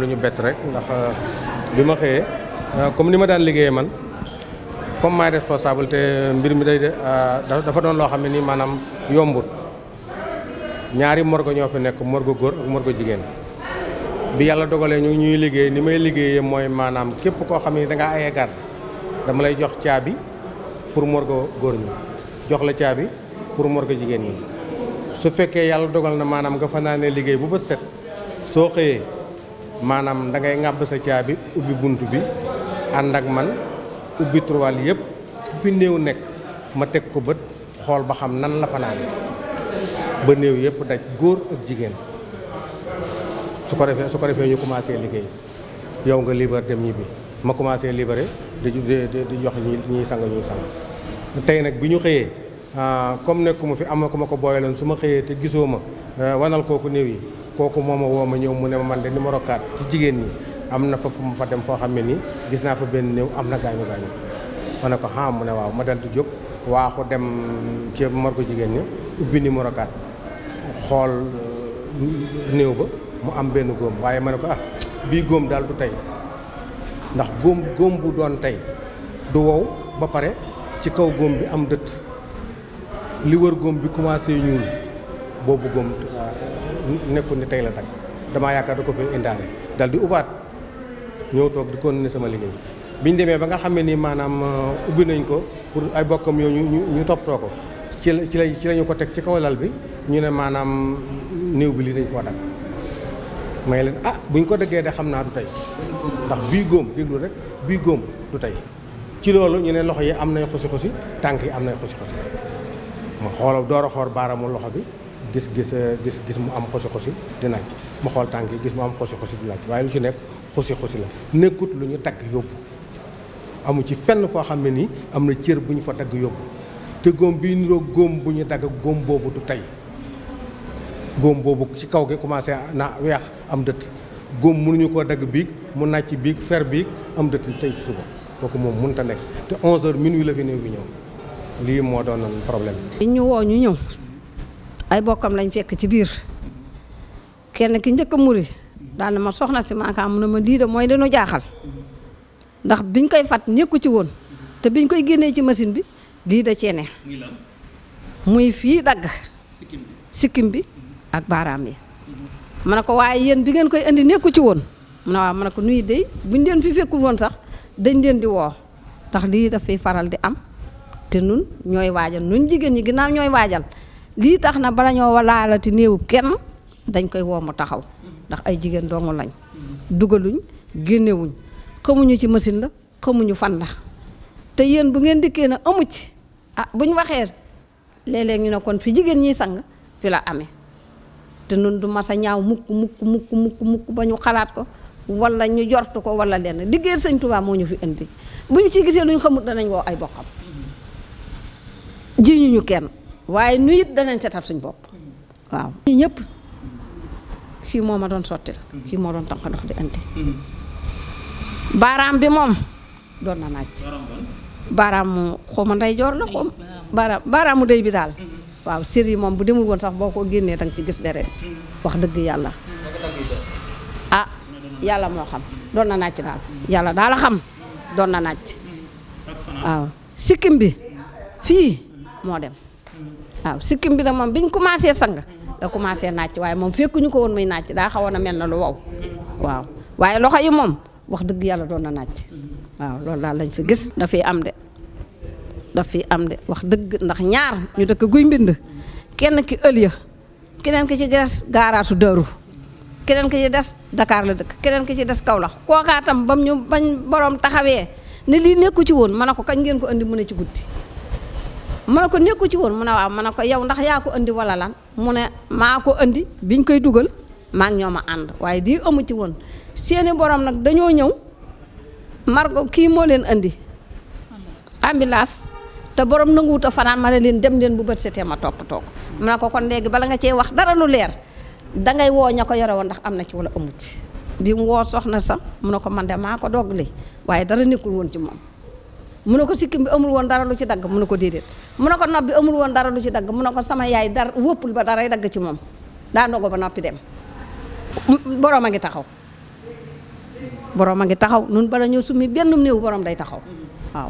am lu ñu bett rek ndax euh, bi ma xëyee euh, comme ni ma daan liggéeyee man comme maay responsable te mbir mi day de euh, dafa doon loo xam ne nii maanaam yombut ñaari morgo ñoo fi nekk morgue góor ak morgue jigéen bi yàlla dogalee ñu ñuy liggéey ni may liggéeyee mooy maanaam képp koo xam ni da ngaa aye garde dama lay jox caabi pour morgue góor ñi jox la caabi pour morgue jigéen ñi su fekkee yàlla dogal na maanaam nga fanaanee liggéey bu bët set soo xëyee maanaam da ngay ŋàbb sa caabi ubbi bunt bi ànd ak man ubbi turwaal yëpp fu fi néew nekk ma teg ko bët xool ba xam nan la fanaan ba néew yëpp daj góor ak jigéen su ko defee su ko defee ñu commencé liggéey yow nga libar dem bi ma commencé libare di di jox ñi ñuy sang ñuy sang tey nag bi ñu xëyee ah, comme nekku ma fi am na ku ma ko booyaloon su ma xëyee te gisoo ma eh, wanal kooku néew yi kooku moom woo ma ñëw mu ne ma man de numéro 4 ci jigéen ñi am na fa fu ma fa dem foo xam ne nii gis naa fa benn néew am na gaañu gaañu ma ne ko ah mu ne waaw ma dal di jóg waaxu dem ci morgue jigéen ñi ubbi numéro 4 xool euh, néew ba mu am benn góom waaye ma ne ko ah bii góom daal du tey ndax góom góom bu doon tey du wow ba pare ci kaw góom bi am dëtt li wër góom bi commencé ñuul boobu góom euh, nekkul ne tey la nag damaa yaakaar da ko fi indaale dal di ubaat ñëw toog di continuer sama liggéey biñ demee ba nga xam ne nii maanaam uh, ubbi nañ ko pour ay bokkam yooyu ñu ñu toppatoo ko ci la ci la ci la ko teg ci kaw lal bi ñu ne maanaam néew bi lii dañ koo dagg may leen ah buñ ko dëggee de xam naa du tey ndax bii góom déglu rek bii góom du tey ci loolu ñu ne loxo yi am nay xosi xosi tànk yi am nay xosi xosi ma xoolal door xoor baaraamu loxo bi gis gis euh, gis gis mu am xosi xosi dina ci ma xool tànk yi gis mu am xosi xosi dina ci waaye lu ci nekk xosi xosi la nekkut lu ñu tagg yóbbu amu ci fenn foo xam ne nii am na cër bu ñu fa dagg yóbbu te góom bi niroo góom bu ñu dagg góom boobu du tey góom boobu ci kaw gi commencé na weex am dëtt góom mënuñu koo dagg biig mu nàcc biig fer biig am dëtt tey ci suba kooku moom mënut a nekk te 11h minuit la fi néew bi ñëw lii moo doon problème bi. ay bokkam lañ fekk ci biir kenn ki njëkk a muri daal na ma soxna si maaka am na ma lii de mooy dañu jaaxal ndax biñ koy fat nekku ci woon te biñ koy génnee ci machine bi lii da cee ne muy fii dagg sikkim bi ak baaraam yi ma ne ko waaye yéen bi ngeen koy indi nekku ci woon mu ne waaw ma ne ko nuyu dey buñ leen fi fekkul woon sax dañ leen di woo ndax lii dafay faral di am te nun ñooy waajal nun jigéen ñi ginnaaw ñooy waajal lii tax na bala ñoo walaalati néewu kenn dañ koy woo mu taxaw ndax ay jigéen dong lañ dugaluñ génnewuñ xamuñu ci machine la xamuñu fan la te yéen bu ngeen dikkee na amu ci ah buñ waxee léeg-léeg ñu ne kon fi jigéen ñiy sang fi la amee te nun du masa ñaaw mukk mukk mukk mukk mukk ba ñu xalaat ko wala ñu jortu ko wala lenn liggéey sëñ Tuubaa moo ñu fi indi bu ñu ci gisee luñ xamut danañ woo ay bokkam ji kenn waaye nu it danañ seetal suñ bopp waaw ñi ñëpp kii moo ma doon sottil kii mm-hmm. moo doon tànq ndox di ante mm-hmm. baaraam bi moom doon na naaj baaraamu xawma ndey joor la xawma baaraam baaraamu day bi daal mm-hmm. waaw sër yi moom bu demul woon sax boo ko génnee danga ci gis deret wax dëgg yàlla ah yàlla moo xam doon na naaj daal yàlla daal a xam doon na naaj waaw sikkim bi fii moo dem waaw sikkim bi nag moom biñ commencé sang da commencé naaj waaye moom ñu ko woon muy naaj daa xawoon a mel na lu wow waaw waaye loxo yi moom wax dëgg yàlla doon na naaj waaw loolu daal lañ fi gis dafay am de dafay am de wax dëgg ndax ñaar ñu dëkk guy mbind kenn ki ëlya keneen ki ci des gaaraatu dëru keneen ki ci des dakaar la dëkk keneen ki ci des Kaolack kookaatam bam ñu bañ borom taxawee ni lii nekku ci woon ma ne ko kañ ngeen ko andi mu ne ci guddi mu ne ko nekku ci woon mu a waaw mu ne ko yow ndax yaa ko indi wala lan mu ne maa ko andi biñ koy dugal maak ngi ñoo ma ànd waaye di amu ci woon seeni borom nag dañoo ñëw margo kii moo leen indi ambulance te borom nanguwut a fanaan ma ne leen dem leen bu bët setee ma topp toog mu ne ko kon léegi bala nga cee wax dara lu leer dangay woo ña ko yore woon ndax am na ci wala amu ci bi mu woo soxna sa mu ne ko man de maa ko dog li waaye dara nekkul woon ci moom mu ne ko sikkim bi amul woon dara lu ci dagg mu ne ko déedéet mu ne ko nopp bi amul woon dara lu ci dagg mu ne ko sama yaay dar wóppul ba daray dagg ci moom daa ndogu ba noppi dem borom a ngi taxaw borom a ngi taxaw nun bala ñëw summi benn néew borom day taxaw waaw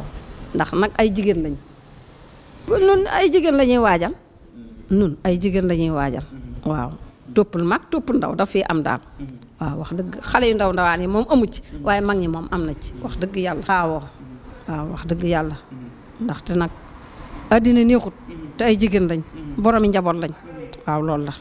ndax nag ay jigéen lañ nun ay jigéen la ñuy waajal nun ay jigéen lañuy waajal waaw toppul mag toppul ndaw daf fi am daal waaw wax dëgg xale yu ndaw ndawaan yi moom amu ci waaye mag ñi moom am na ci wax dëgg yàlla waaw wax dëgg yàlla ndaxte nag àddina neexut mm-hmm. te ay jigéen lañ mm-hmm. boromi njaboot lañ mm-hmm. waaw loolu la